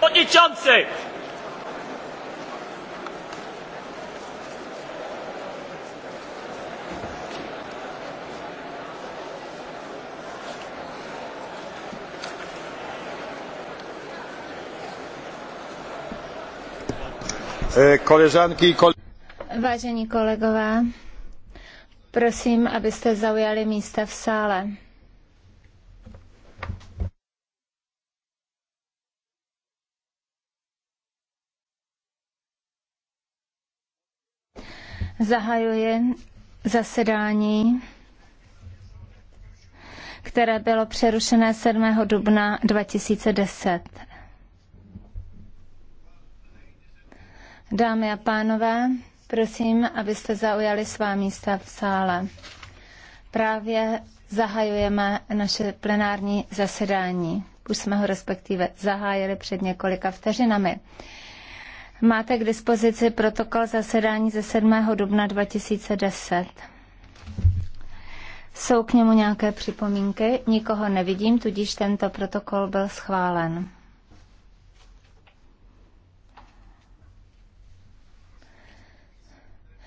Podničanci! E, koleżanki i kole... Vážení kolegové, prosím, abyste zaujali místa v sále. Zahajuji zasedání, které bylo přerušené 7. dubna 2010. Dámy a pánové, prosím, abyste zaujali svá místa v sále. Právě zahajujeme naše plenární zasedání. Už jsme ho respektive zahájili před několika vteřinami. Máte k dispozici protokol zasedání ze 7. dubna 2010. Jsou k němu nějaké připomínky? Nikoho nevidím, tudíž tento protokol byl schválen.